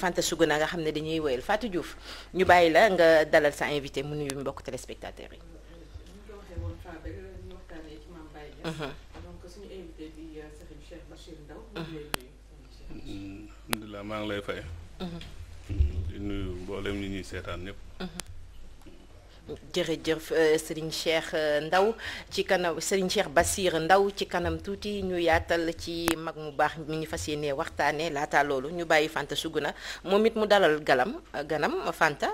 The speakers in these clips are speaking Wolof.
Fanta a nga xam ne dañuy woyal Fatou Diouf ñu bàyyi la nga dalal sa invité mu nuyu mbokk téléspectateurs yi. donc suñu invité bi Serigne Cheikh Bachir Ndao. alhamdulilah maa ngi mboolem ñi ñuy seetaan ñëpp. jërëjëf euh, Serigne Cheikh euh, Ndaw ci kanam Serigne Cheikh Bassir Ndaw ci kanam tuuti ñu yaatal ci mag mu baax mi ñu fas yéenee waxtaanee laata loolu ñu bàyyi Fanta Suguna moom it mu dalal galam ganam Fanta.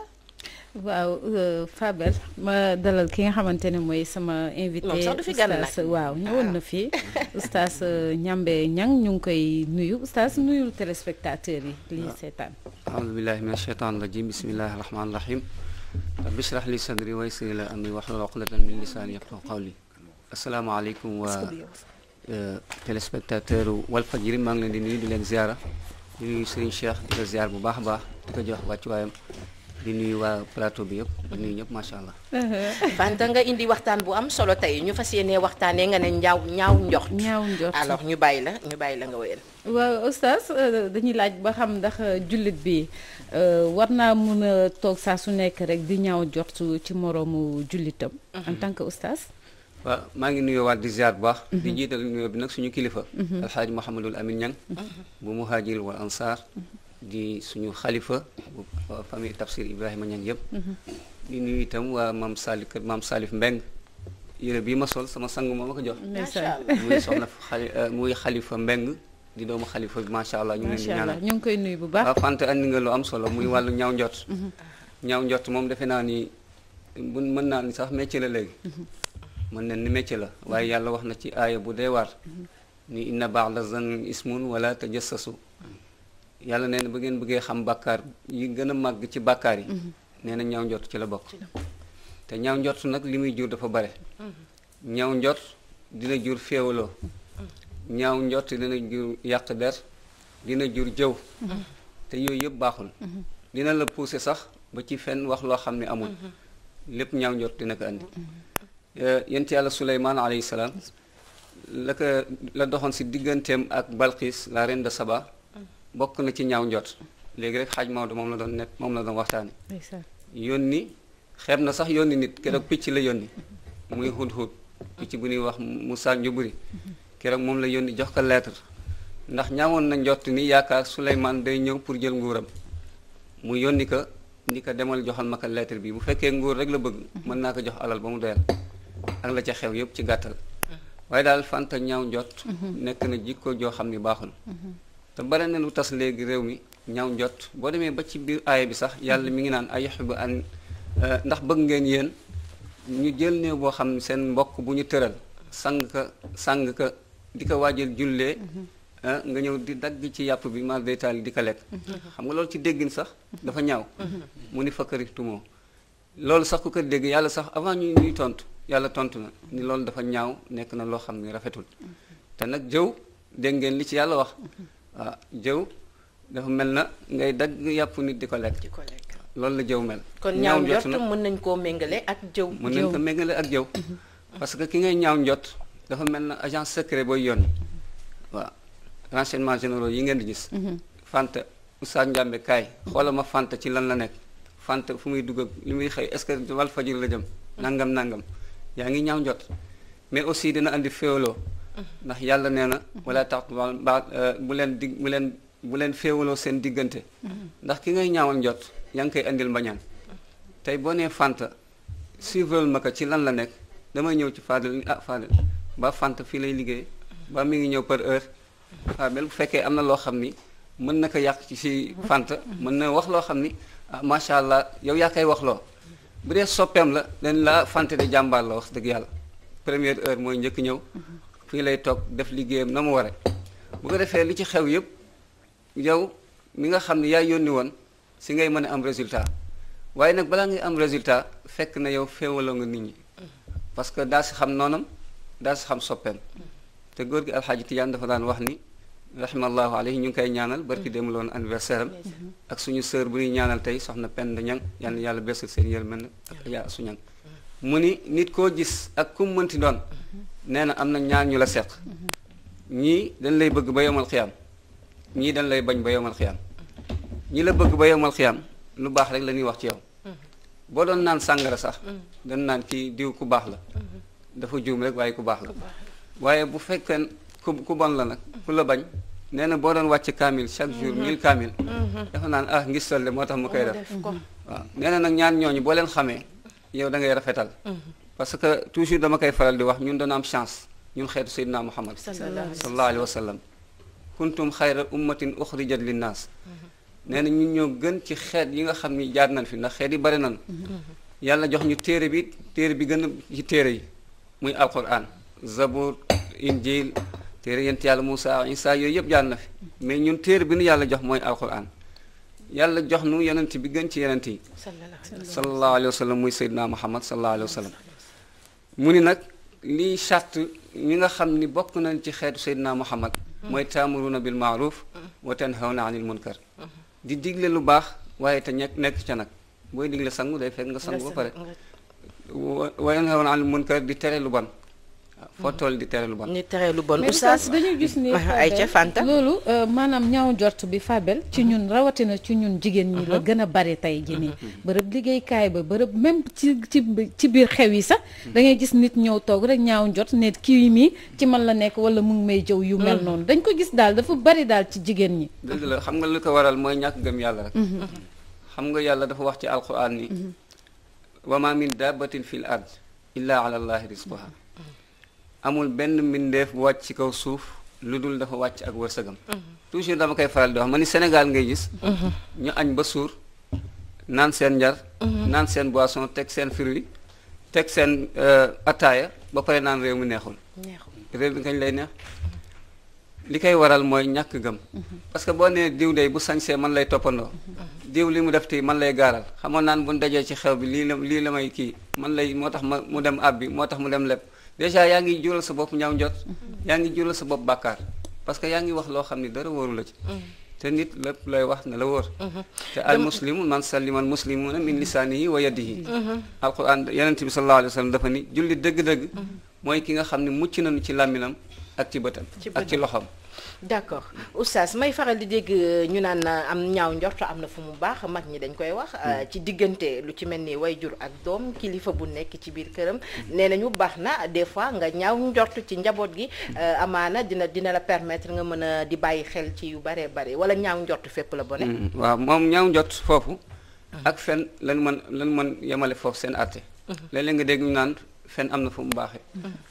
waaw euh, Fabel ma dalal ki nga xamante ne mooy sama invité oustaz waaw ñëwoon na fii ah. oustaz Ñambe Ñang ñu ngi koy nuyu oustaz nuyul téléspectateurs yi lii seetaan. alhamdulilahi min asheytaan rajim bismillahi rahmaani rahim rabbi shrah li sadri wa yassir li amri wahlul uqdatan min lisani yafqahu qawli asalaamaaleykum waa euh, téléspectateur Walfadjri maa ngi leen di nuyu di leen ziara di nuyu Serigne Cheikh di ko ziar bu baax a baax di ko jox wàccuwaayam di nuyu waa plateau bi yëpp di nuyu ñëpp macha allah. Uh-huh. Fanta nga indi waxtaan bu am solo tey ñu fas yéenee waxtaanee nga ne ñaaw ñaaw njort. ñaaw njort alors ñu bàyyi la ñu bàyyi la nga wéyal. waaw oustaz euh, dañuy laaj ba xam ndax euh, jullit bi euh, war naa mun a toog saa su nekk rek di ñaaw njort ci moroomu jullitam. Uh-huh. en tant que oustaz. waaw maa ngi nuyoo waat di ziar bu baax. Uh-huh. di jiital nuyoo bi nag suñu kilifa. alxaaji Mouhamadul Amin Niang. bu muhajir wal ansar di suñu xalifa bu famille Tafsir Ibrahima Niang yëpp mm-hmm. di nuyu itam waa maam Salif kër maam Salif Mbeng yére bii ma sol sama sang moo ma ko jox muy soxna xali euh, muy xalifa Mbeng di doomu xalifa bi macha allah ñu ngi leen di ñaanal ñu ngi koy nuyu bu baax fante andi nga am solo muy wàllu ñaaw njot mm-hmm. ñaaw njot moom defe naa ni bu mën naa ni sax métier la léegi mm-hmm. mën na ni métier la waaye yàlla wax na ci aaya bu dee waar ni inna ba'da zanni ismun wala tajassasu yàlla nee na ba ngeen bëggee xam bàkkaar yi gën a màgg ci bàkkaar yi mhm. nee na ñaaw njort ci la bokk te ñaaw njort nag li muy jur dafa bare mhm. ñaw njort dina jur féewaloo mhm. ñaaw njort dina jur yàq der dina jur jëw te yooyu yëpp baaxul dina la pousser sax ba ci fenn wax loo xam ne amul lépp ñaaw njort dina ko andi euh, yent yàlla suleymaan alayhi salaam la ko la doxoon si digganteem ak balqiis la reine de Saba bokk na ci ñaaw njot léegi rek xaaj Maodo moom la doon net moom la doon waxtaane yónni xeeb na sax yónni nit keroog picc la yónni muy hudhud picc bu ñuy wax mu Moussa Njuburi keroog moom la yónni jox ko lettre ndax ñaawoon na njot ni yaakaar Souleymane day ñëw pour jël nguuram mu yónni ko ni ko demal joxal ma ko lettre bi bu fekkee nguur rek la bëgg mën naa ko jox alal ba mu doyal ak la ca xew yëpp ci gàttal mm-hmm. waaye daal fanta ñaaw njott mm-hmm. nekk na jikko joo xam ni te bare na lu tas léegi réew mi ñaw njot boo demee ba ci biir aaya bi sax yàlla mi ngi naan ay yuhibbu an euh, ndax bëgg ngeen yéen ñu jël ne boo xam ne seen mbokk bu ñu tëral sang ka sang ka di ko waajal jullee mm-hmm. euh, nga ñëw di dagg ci yàpp bi mar daytaali di ko lekk mm-hmm. xam nga loolu ci déggin sax dafa ñaaw mm-hmm. mu ni fakkari tumoo loolu sax ku ko dégg yàlla sax avant ñu ñuy tontu yàlla tontu na ni loolu dafa ñaaw nekk na loo xam ne rafetul te nag jëw dégg ngeen li ci yàlla wax waaw ah, jëw dafa mel na ngay dagg yàpp nit di ko lekk. di ko loolu la jëw mel. kon ñaaw njott mën nañ koo méngale ak jëw. mën nañ ko méngale ak jëw. Mhm. parce que ki ngay ñaaw njott dafa mel na agence secret booy yoon waaw renseignements généraux yi ngeen di gis. Mhm. fant Oustaz Ndiambe kaay xoola ma Fanta ci lan la nekk fant fu muy dugg ak li muy xëy est-ce que Walfadjri la jëm. nangam nangam yaa ngi ñaaw njott mais aussi dina andi féewaloo. ndax yàlla nee na wala tax euh, bu leen dig bu leen bu leen féewaloo seen diggante ndax ki ngay ñaawal njot yaa ngi koy indil mbañaan tey boo nee Fanta suivre ma ko ci lan la nekk damay ñëw ci Fadel ah Fadel ba Fanta fii lay liggéey ba mi ngi ñëw par heure Fadel bu fekkee am na loo xam ni mën na ko yàq ci si Fanta mën na wax loo xam ni ah macha allah yow yaa koy wax loo bu dee soppeem la dañ laa Fanta de jàmbaar la wax dëgg yàlla première heure mooy njëkk ñëw fii lay toog def liggéeyam na mu ware bu ko defee li ci xew yëpp yow mi nga xam ne yaa yónni woon si ngay mën am résultat waaye nag balaa ngay am résultat fekk na yow féewaloo nga nit ñi parce que daa si xam noonam daa si xam soppeem te góor gi alxaaji Tijaan dafa daan wax ni rahimallahu alayhi ñu ngi koy ñaanal barki dem loon anniversaire ak suñu sœur bu ñuy ñaanal tey soxna Penda Ñang yal na yàlla beesal seen yërmande ak yaa su ñang mu ni nit koo gis ak nee na am na ñaar ñu la seq ñii dañ lay bëgg ba yomal xiyam ñii dañ lay bañ ba yomal xiyam ñi la bëgg ba yomal xiyam lu baax rek la ñuy wax ci yow boo doon naan sàngara sax dañ naan kii diw ku baax la dafa juum rek waaye ku baax la waaye bu fekkee ku ku bon la nag ku la bañ nee na boo doon wàcc kaamil chaque jour mille kaamil dafa naan ah ngis solde moo tax mu koy def waaw nee na nag ñaan ñooñu boo leen xamee yow da ngay rafetal parce que toujours dama koy faral di wax ñun dana am chance ñun xeetu Seydina Muhammad sallallahu alayhi wa sallam kuntum xayra ummatin uxrijat linnaas nee na ñun ñoo gën ci xeet yi nga xam ni jaar nañ fi ndax xeet yi bari nañ yàlla jox ñu téere bi téere bi gën a ci téere yi muy alquran zabur injil téere yent yàlla Moussa Isa yooyu yëpp jaar na fi mais ñun téere bi nu yàlla jox mooy alquran yàlla jox nu yonent bi gën ci yonent yi sallallahu alayhi wa sallam muy Seydina Muhammad sallallahu alayhi wa sallam mu ni nag lii charte ñi nga xam ni bokk nañ ci xeetu Seydina Muhammad mooy taamuruna bil maaruf wa tanhawna anil munkar di digle lu baax waaye te ñekk nekk ca nag booy digle sangu day fekk nga sangu ba pare wa tanhawna anil munkar di tere lu ban foo toll di tere lu bon. di tere lu bon dañuy gis ni ay ca fanta loolu euh, maanaam ñaaw njort bi fabel ci ñun rawatina ci ñun jigéen ñi la uh-huh. gën a bari tey ji nii uh-huh. bërëb liggéeykaay ba bërëb même ci ci ci biir xew yi sax uh-huh. dangay gis nit ñëw toog rek ñaaw njot ne kii mii ci man la nekk wala mu may jëw yu mel noonu dañ ko gis daal dafa bari daal ci jigéen ñi dëgg la xam nga lu ko waral mooy ñàkk gëm yàlla rek xam nga yàlla dafa wax ci alquran ni wa ma min dabbatin illa ala amul benn mbindeef wàcc ci kaw suuf lu dul dafa wàcc ak wërsëgam mhm. toujours dama koy faral doo wax ma ni Sénégal ngay gis mhm. ñu añ ba suur naan seen njar mhm. naan seen boisson teg seen fruit teg seen euh, attaaya ba pare naan réew mi neexul réew mi kañ lay neex li koy waral mooy ñàkk gëm parce que boo nee diw day bu sañsee man lay toppandoo diw li mu def tey man lay gaaral xamoon naan bu dajee ci xew bi lii la lii la may kii man lay moo tax ma mu dem àbbi moo tax mu dem lépp déjà yaa ngi jural sa bopp ñaaw njot yaa ngi jural sa bopp bàkkaar parce que yaa ngi wax loo xam ni dara wóoru la ci mm-hmm. te nit la lay wax na la wóor mm-hmm. te al muslimu man salima al muslimuna min lisaanihi wa yadihi mm-hmm. alquran yonent bi sallallahu alayhi wa sallam dafa ni julli dëgg-dëgg mooy ki nga xam ne mucc nañu ci làmminam ak ci bëtam ak ci loxoom d'accord oustaz may faral di dégg euh, ñu naan euh, am ñaaw njort am na fu mu baax mag ñi dañ koy wax euh, hmm. ci diggante lu ci mel ni jur ak doom kilifa bu nekk ci biir këram hmm. nee nañu baax na des fois nga ñaaw njort ci njaboot gi hmm. amaana dina dina la permettre nga mën a di bàyyi xel ci yu baree bare wala ñaaw njort fépp la bone waaw moom ñaaw njort foofu ak fen lan man lan man yemale foofu seen àtte léeg-léeg nga dégg ñu naan fen am na fu mu baaxee.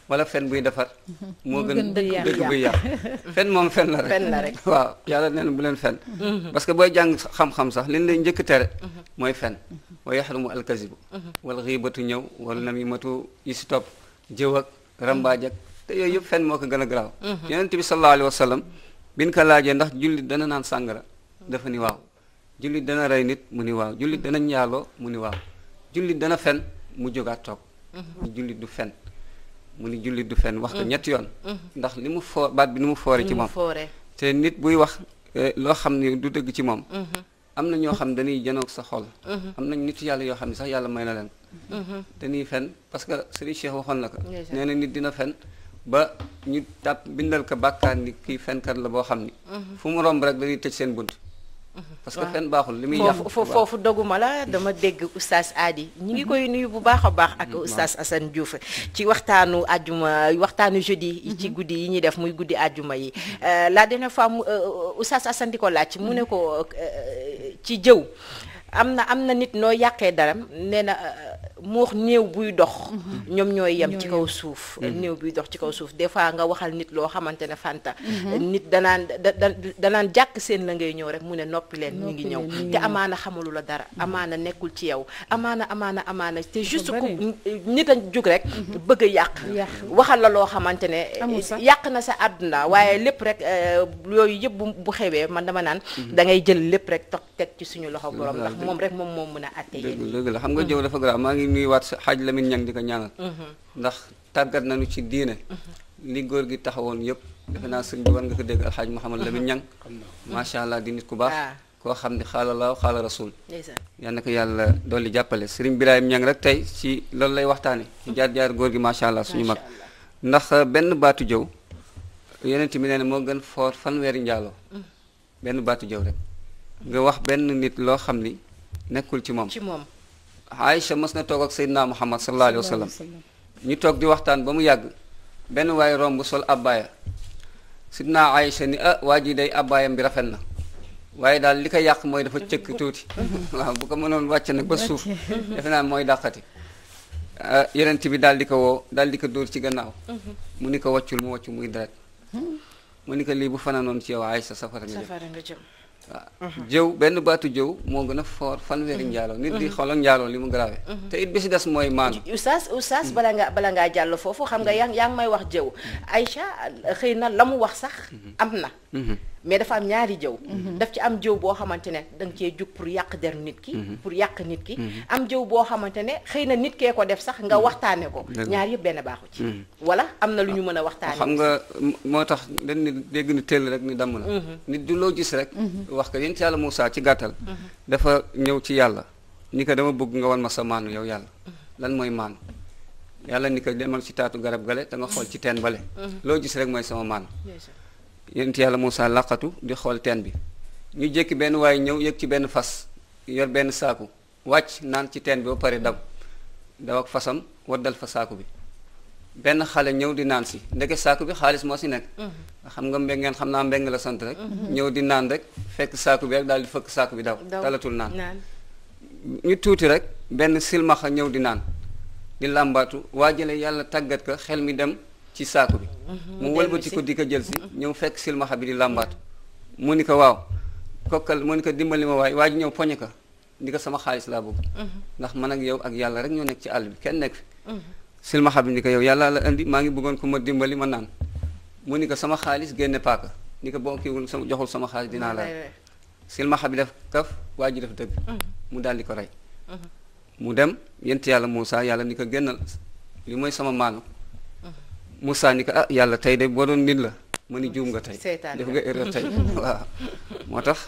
wala fen buy defar. moo gën dëgg buy yàq fen moom fen la rek fen la rek waaw yàlla nee na bu leen fen. parce que booy jàng xam-xam sax liñ lay njëkk tere. mooy fen wa yaxrumu alkazibu. wal xiibatu ñëw wal namimatu yi si topp jëw ak rambaaj ak te yooyu yëpp fen moo ko gën a garaaw. yonent bi sallallahu alayhi wa sallam biñ ko laajee ndax jullit dana naan sàngara dafa ni waaw. jullit dana rey nit mu ni waaw jullit dana ñaaloo mu ni waaw jullit dana fen mu jógaat toog. ni jullit du fen mu ni jullit du fen wax ko mm. ñetti yoon mm. ndax li mu foor baat bi ni mu foore ci moom te nit buy wax eh, loo xam ne du dëgg ci moom mm-hmm. am na ñoo xam ne dañuy janoog sa xol mm-hmm. am nañ nit yàlla yoo xam ne sax yàlla may na leen dañuy mm-hmm. fen parce que Serigne Cheikh waxoon na ko nee na nit dina fen ba ñu tàpp bindal ko bàkkaar ni kii fenkat la boo xam ni fu mu romb rek dañuy tëj seen bunt parce que fen baaxul li muy yàq foofu foofu doguma la mm-hmm. dama dégg oustaz Adi ñu ngi koy nuyu bu baax a baax ak mm-hmm. oustaz Assane Diouf ci waxtaanu àjjuma waxtaanu jeudi ci mm-hmm. guddi yi ñuy def muy guddi àjjuma yi euh, la dernière fois euh, euh, oustaz Assane di ko laaj mu ne ko ci jëw am na am na nit noo yàqee daram nee moox néew buy dox mhm. ñoom ñooy yem ci kaw suuf mhm. néew buy dox ci kaw suuf des fois nga waxal nit loo xamante ne fànta mhm. nit danaan da danaan jàkk seen la ngay ñëw rek mu ne noppi leen ñu ngi ñëw te amaana xamalu la dara amaana nekkul ci yow amaana amaana amaana te juste ku nit a jug rek bëgg a yàq waxal la loo xamante ne yàq na sa àdduna waaye lépp rek euh, yooyu yëpp bu xewee man dama naan da ngay jël lépp rek toog teg ci suñu loxo borom ndax moom rek moom moom a ngi nuyuwaat xaaj Lamine Niang di ko ñaanal. Mhm. ndax tàggat nañu ci diine. Mhm. li góor gi taxawoon yëpp defe naa sëñ bi war nga ko dégg alxaaj Mouhamad Lamine Niang. macha allah di nit ku baax. Ah. koo xam ni xaala laaw xaala rasul. yal na ko yàlla dolli jàppale sëriñ Birahim Niang rek tey si loolu lay waxtaanee. ci mhm. jaar jaar góor gi macha allah suñu mag. ndax benn baatu jëw yeneen mi nee na moo gën foor fanweeri njaaloo benn baatu jëw rek nga wax benn nit loo xam ni nekkul Aïcha mës na toog ak Seydina Muhammad sallallahu alayhi wa sallam ñu toog di waxtaan ba mu yàgg benn waay romb sol abbaaya naa Aïcha ni ah waa ji day abbaayam bi rafet na waaye daal li ko yàq mooy dafa cëkk tuuti bu ko mënoon wàcc nag ba suuf defe naa mooy dàqati ah, yenent bi daal di ko woo daal di ko dóor ci gannaaw mhm. mu ni ko wàccul mu wàccu muy deret hmm? mu ni ko lii bu fananoon ci yow Aïcha safara nga jëm waaw jëw benn baatu jëw moo gën a fort fanweeri mhm. njaaloo nit di mhm. xoolal njaaloo li mu grave mhm. te it bi si des mooy maanu oustaz oustaz bala nga bala ngaa jàll foofu xam nga yaa yaa ngi may wax jëw Aïcha xëy na la mu wax sax am na mais dafa am ñaari jëw mhm. daf ci am jëw boo xamante ne da nga cee jug pour yàq der nit ki mhm. pour yàq nit ki mhm. am jëw boo xamante ne xëy na nit kee ko def sax nga waxtaane ko ñaar yëpp benn baaxu ci wala am na lu ñu mën a waxtaane xam nga moo tax dañ ni dégg ni tëll rek ni damm na nit du loo gis rek wax ko yéen ci yàlla Moussa ci gàttal dafa ñëw ci yàlla ni ko dama bëgg nga wan ma sa maanu yow yàlla lan mooy maan yàlla ni ko demal ci taatu garab gale te nga xool ci teen bale loo gis rek yonent yàlla Moussa làqatu di xool teen bi ñu jékki benn waaye ñëw yëg ci benn fas yor benn saaku wàcc naan ci teen bi ba pare daw daw ak fasam waddal fa saaku bi benn xale ñëw di naan si ndeke saaku bi xaalis moo si nekk mhm. xam nga mbéy ngeen xam naa mbéy la sant rek mhm. ñëw di naan rek fekk saaku bi rek daal di fëkk saaku bi daw talatul naan ñu tuuti rek benn silmaxa ñëw di naan di làmbaatu waajale yàlla tàggat ko xel mi dem ci saaku bi Mhm. mu wëlbati ko di ko jël ñëw fekk silmaxa bi di làmbaatu mu ni ko waaw kokkal mu ni ko dimbali ma waay waa ji ñëw poñe ko ko sama xaalis laa bëgg mhm. ndax man ak yow ak yàlla rek ñoo nekk ci àll bi kenn nekk fi mhm. silmaxa bi ni ko yow yàlla la indi maa ngi bëggoon ko ma dimbali ma naan mu ni ko sama xaalis génne paaka ni ko boo kiiwul sama joxul sama xaalis dinaa la silmaxa bi def kaf waa ji def dëgg mu daal di ko rey mu dem yent yàlla Moussa yàlla ni ko mooy sama maanu Moussa ni ko ah yàlla tey de boo doon nit la ma ni juum nga tey def nga erreur tey waaw moo tax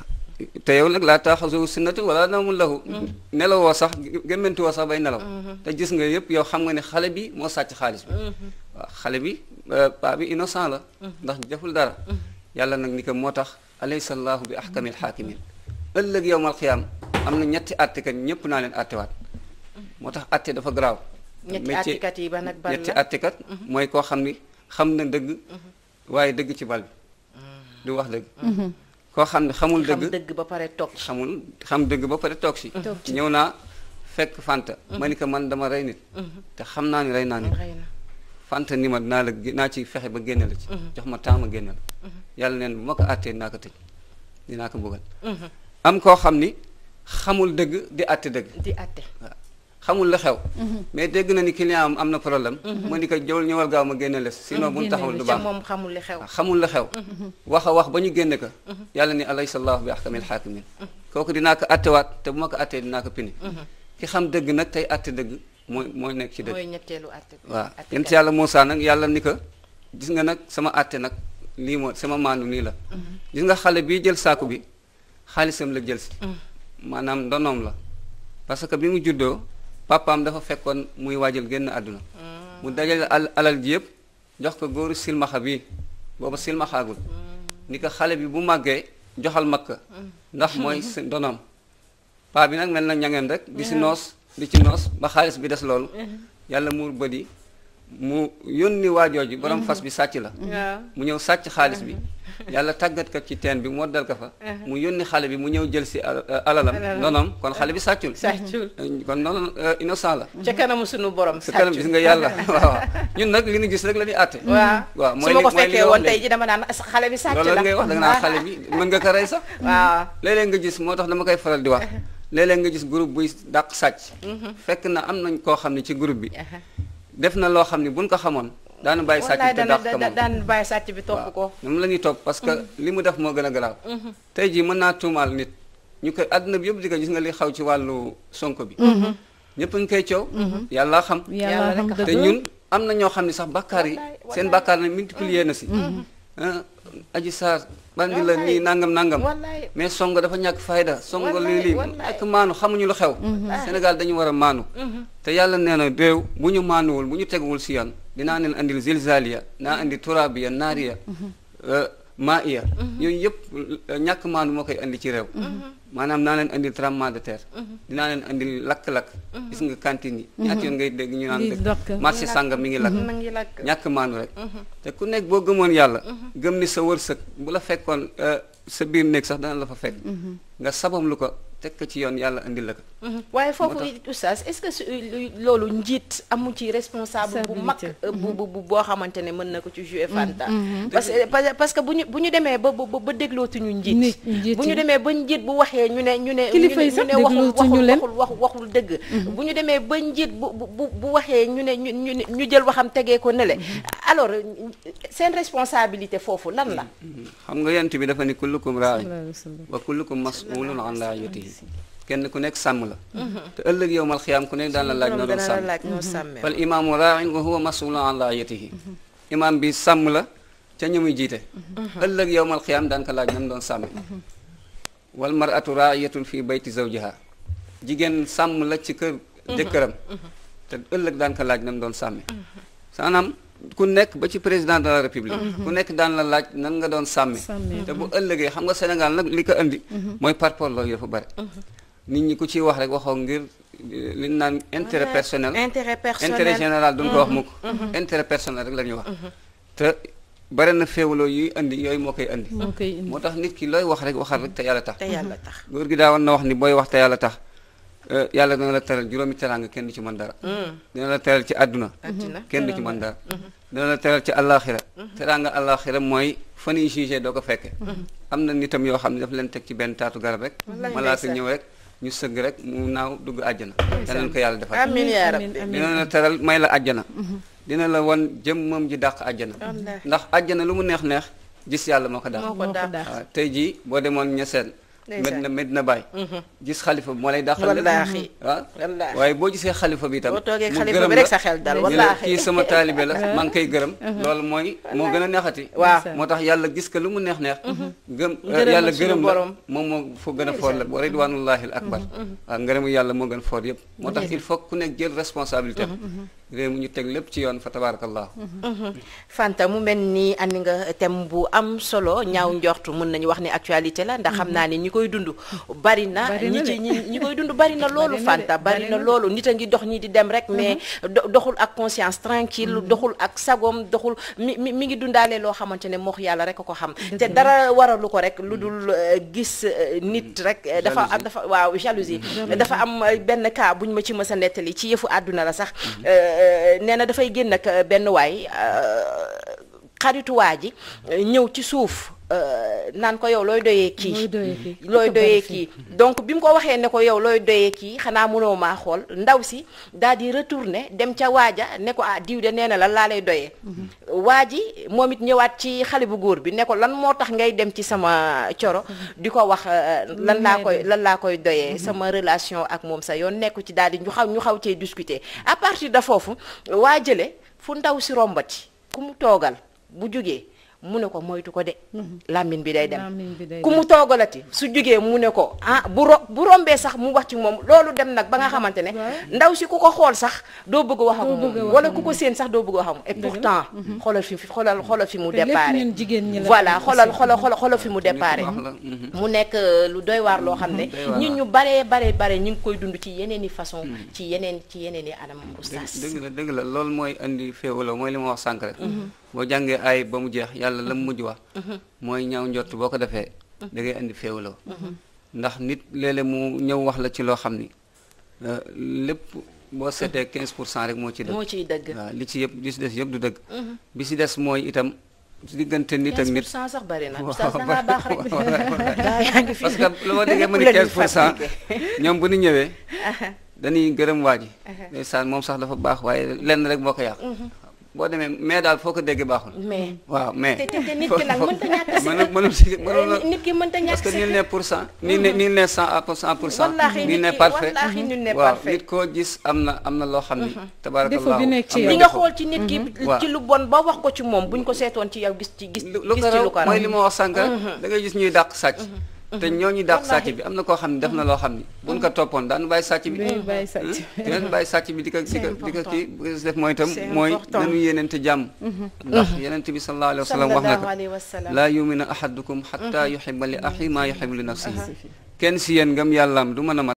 te yow nag laa taaxasu sinnatun wala nawmun lahu mm-hmm. nelawoo sax gémmantuwoo sax bay nelaw mm-hmm. te gis nga yëpp yow xam nga ne xale bi moo sàcc xaalis bi mm-hmm. waaw xale bi euh, paa bi innocent la ndax deful dara yàlla nag ni ko moo tax alaysa allahu bi ahkamil xaakimin ëllëg yowmal xiyaam am na ñetti àtte kan ñëpp naa leen àttewaat moo tax àtte dafa garaaw ñetti attikat yi ban ak ban la ñetti attikat mhm. mooy koo xam ni xam na dëgg mhm. waaye dëgg ci bal bi mhm. du wax dëgg koo xam ne xamul dëgg xam dëgg ba pare toog xamul xam dëgg ba pare si ñëw naa fekk fanta ma ni ko man dama rey nit te xam naa ni rey naa nit fanta ni ma naa la naa ci fexe ba génne la ci jox ma temps ma génne la yàlla neen bu ma ko àttee dinaa ko tëj dinaa ko mbugal am koo xam ni xamul dëgg di àtte dëgg xamul la xew mhm. mais dégg na ni client am am na problème mhm. mu ni ko jëwal ñëwal gaaw ma génne la sinon bu ñu taxawul du baax moom xamul la xew ah, xamul la xew mhm. wax a wax ba ñu génne ko yàlla ni alaysa allahu bi ahkamil xaakimin kooku dinaa ko attewaat te bu ma ko attee dinaa ko pini ki xam dëgg nag tey atte dëgg mooy mooy nekk ci dëgg mooy ñetteelu atte waaw yent yàlla Moussa nag yàlla ni ko gis nga nag sama atte nag lii moo sama maandu nii la gis nga xale bii jël saaku bi xaalisam la jël si maanaam ndonoom papaam dafa fekkoon muy waajal génn àdduna mm. mu dajale alal ji yëpp jox ko góoru silmaxa bi booba silmaxaagul mm. ni ko xale bi bu màggee joxal makka mm. ndax mooy si donam paa bi nag mel na ñangeen rek di si noos di ci noos ba xaalis bi des loolu yàlla muur bëdi mu yónni waajooju borom fas bi sàcc la mu ñëw sàcc xaalis bi mm-hmm. yàlla tàggat ko ci teen bi moo dal ko fa uh-huh. mu yónni xale bi mu ñëw jël si uh, alalam nonom kon xale bi sàccul sàccul uh, kon noonu uh, innocent la ca kanamu sunu borom ca kanam gis nga yàlla waaw ñun nag li ñu gis rek la ñuy àtte waaw mm-hmm. mooy su ma ko fekkee woon tey ji dama la loolu ngay wax da nga xale bi mën nga ko rey sax waaw mm-hmm. léeg nga gis moo tax dama koy faral di wax uh-huh. léeg nga gis groupe buy dàq sàcc mm-hmm. fekk na am na koo xam ne ci groupe bi uh-huh. def na loo xam ne buñ ko xamoon daanu bàyyi sàcc bi dàq ko moom daan bàyyi sàcc bi topp ko moom la ñuy topp parce mm-hmm. li mu def moo gën a garaaw mm-hmm. tey jii mën naa tuumaal nit ñu koy àdduna bi yëpp di ko gis nga li xaw ci wàllu sonko bi mm-hmm. ñëpp ñu koy coow yàlla xam te ñun am na ñoo xam ne sax bàkkaar yi seen bàkkaar na multiplier na si Eh, aji saar bandi la nii nangam nangam mais songo dafa ñàkk fayda songo lii lii ak maanu xamuñu lu xew mm-hmm. ah. Sénégal dañu war a maanu mm-hmm. te yàlla nee na bu ñu maanuwul bu ñu teguwul si yoon dinaa leen andil zilzaliya naa andi turabiya naariya mm-hmm. eh, maa iya yooyu yëpp eh, ñàkk maanu moo koy andi ci réew maanaam naa leen andil tremblement de terre. Mhm. dinaa leen andil lakk-lakk. Mhm. gis nga cantine yi. Mhm. yoon ngay dégg ñu naan dëkk marché sàngam mi ngi lakk. ñàkk maanu rek. te ku nekk boo gëmoon yàlla. gëm ni sa wërsëg bu la fekkoon euh, sa biir néeg sax dana la fa fekk. nga sabam lu ko teg ko ci yoon yàlla andil la ko. Mm-hmm. waaye foofu oustaz est-ce que euh, loolu njiit amu ci responsable bu mag euh, bu bu boo xamante ne mën na ko ci jouer mm-hmm. fanta mm-hmm. parce que parce que bu ñu bu ñu demee ba ba déglootuñu njiit bu ñu demee ba njiit bu waxee ñu ne ñu ne kilifa yi sax déglootuñu leen waxul waxul waxul dëgg bu ñu demee ba njiit bu bu bu waxee ñu ne ñu ñu jël waxam tegee ko nele alors seen responsabilité foofu lan la xam nga yant bi dafa ni kullukum raa'in wa kullukum mas'ulun an ra'iyyatihi kenn ku nekk sàmm la mhm. te ëllëg yow mal xiyaam ku nekk daan la laaj noo doon sàmm fal imaamu raain mhm. bi sàmm la ca ñu muy jiite mhm. ëllëg yow mal xiyaam daan ko laaj nam doon sàmme wal maratu raayatun fi bayti zawjiha la ci kër jëkkëram te ëllëg daan ko laaj nam doon sàmme saanaam ku nekk ba ci président la république ku nekk daan la laaj bu ëllëgee xam nga Sénégal nag li ko indi mooy parpor loolu yëfu bare nit ñi ku ciy wax rek waxoo ngir eh, li ñu naan intérêt personnel. intérêt personnel intérêt général duñ ko wax mhm. mukk. Mhm. intérêt personnel rek la wax. Mhm. te bare na féewaloo yuy andi yooyu moo koy andi. moo koy indi moo tax nit ki looy wax rek waxal rek te yàlla tax. te yàlla tax góor gi daawoon na wax ni booy wax te yàlla tax. Eh, yàlla dana la teral juróomi teraanga kenn du ci mën dara. Mm. dana la teral ci àdduna. kenn du ci mën dara. Mm-hmm. dana la teral ci àllaaxira. Mm-hmm. teraanga àllaaxira mooy fan yii jugee doo ko fekke mm-hmm. am na nitam yoo xam ne daf leen teg ci benn taatu ñu sëgg rek mu naaw dugg àjjana yal ko yàlla defal amiin yaa rabbi dina la teral may la àjjana mhm. dina la wan jëmmam ji dàq àjjana ndax àjjana lu mu neex neex gis yàlla moo ko dàq tey jii boo demoon ñeseen Medina Medina Baye mhm. gis xalifa bi moo lay dàqal wallaahi ah? waaw waaye boo gisee xalifa bi tam boo toogee xalifa bi sa xel dal wallaahi kii sama taalibe la maa ngi koy gërëm mhm. loolu mooy moo gën a neexati waaw moo tax yàlla gis ko lu mu neex neex mhm. gëm yàlla gërëm la moom moo foo gën a foor la wa ridwanullahi al akbar waaw ah, ngërëmu yàlla moo gën a foor yëpp moo tax il faut ku nekk jël responsabilité réew ñu teg lépp ci yoon fa tabarakallah mhm. Fanta mu mel ni andi nga thème bu am solo ñaaw njortu mën nañu wax ne actualité la ndax xam mhm. naa ni ñi koy dund bari na ñi ci ñi koy dund bari na loolu Fanta bari na loolu nit a ngi dox ñi di dem rek mais mhm. doxul ak conscience tranquille doxul ak sagoom doxul mi mi mi ngi dundaale loo xamante ne moox yàlla rek a ko xam te dara waralu ko rek lu dul euh, gis euh, nit rek euh, dafa am dafa waaw jalousie dafa am benn cas buñ ma ci mës a nettali ci yëfu àdduna la sax Euh, nee na dafay génn ak euh, benn waay euh, xaritu waa ji ñëw ci suuf Euh, naan ko yow looy doyee kii looy doyee kii mm. donc bi mu ko waxee ne ko yow looy doyee kii xanaa mënoo maa xool ndaw si daal di retourner dem ca waaja ne ko ah diw de nee na lan laa lay doyee mm-hmm. waa ji moom it ñëwaat ci xale bu góor bi ne ko lan moo tax ngay dem ci sama coro mm-hmm. di ko wax euh, lan laa koy lan laa koy doyee mm-hmm. sama relation ak moom sa yoon nekku ci daal di ñu xaw ñu xaw cee discuter à partir de foofu waa jële fu ndaw si rombati ku mu toogal bu jógee mu ne ko moytu ko de mhm. làmmiñ bi day dem ku mu toogalati su jugee mu ne ko ah bu ro bu rombee sax mu wax ci moom loolu dem nag ba nga xamante ne ndaw si ku ko xool sax doo bëgg wax ak moom wala ku ko séen sax doo bëgg wax ak moom et pourtant xoolal xoolal xoolal fi mu départ voilà xoolal xoolal xoolal xoolal fi mu départ mu nekk euh, lu doy waar loo xam ne mhm. ñun ñu baree bare bare ñu ngi koy dund ci yeneen i façon mhm. ci yeneen ci yeneen i anam oustaz dëgg la dëgg la loolu mooy indi féewaloo mooy li ma wax sànq boo jàngee ay ba mu jeex yàlla la mu mujj wax uh-huh. mooy ñaaw njort boo ko defee uh-huh. da ngay indi féewaloo uh-huh. ndax nit léeg mu ñëw wax la ci loo xam ni euh, lépp boo seetee quinze pour cent rek moo ci dëgg moo ciy dëgg waaw li ci yëpp des du dëgg bi ci des mooy itam diggante nit ak nit sax bari na baax rek parce que lu ma déggee ma ni quinze pour cent ñoom bu ñu ñëwee dañuy gërëm waa moom sax dafa baax waaye lenn rek moo ko yàq boo demee mais daal foo ko dégg baaxul. mais waaw mais. te te nit ki nag mënut a ñàkk a sikk mënul sikk eh, mënul nit ki pour cent. nul n'est wallaahi nit koo gis am na am na loo xam ni. Mhm. tabaarakallah am na li nga xool ci nit ki. ci lu bon ba wax ko ci moom buñ ko seetoon ci yow gis ci gis. gis ci lu ko mooy li ma wax sànq mhm. da ngay gis ñuy dàq sàcc. Mhm. te ñooñu dàq sàcc bi am na koo xam ne def na loo xam ni buñ ko toppoon daanu bàyyi sàcc bi dinañ bàyyi sàcc bi di ko si di ko kii bu def mooy itam mooy nañu yenente jàmm mm-hmm. ndax yenente bi sallallahu alayhi wa sallam wax na ko laa yuminu ahadukum xatta mm-hmm. yuhibba li ahi maa li nafsihi mm-hmm. kenn si yéen ngam yàllaam du mën a mat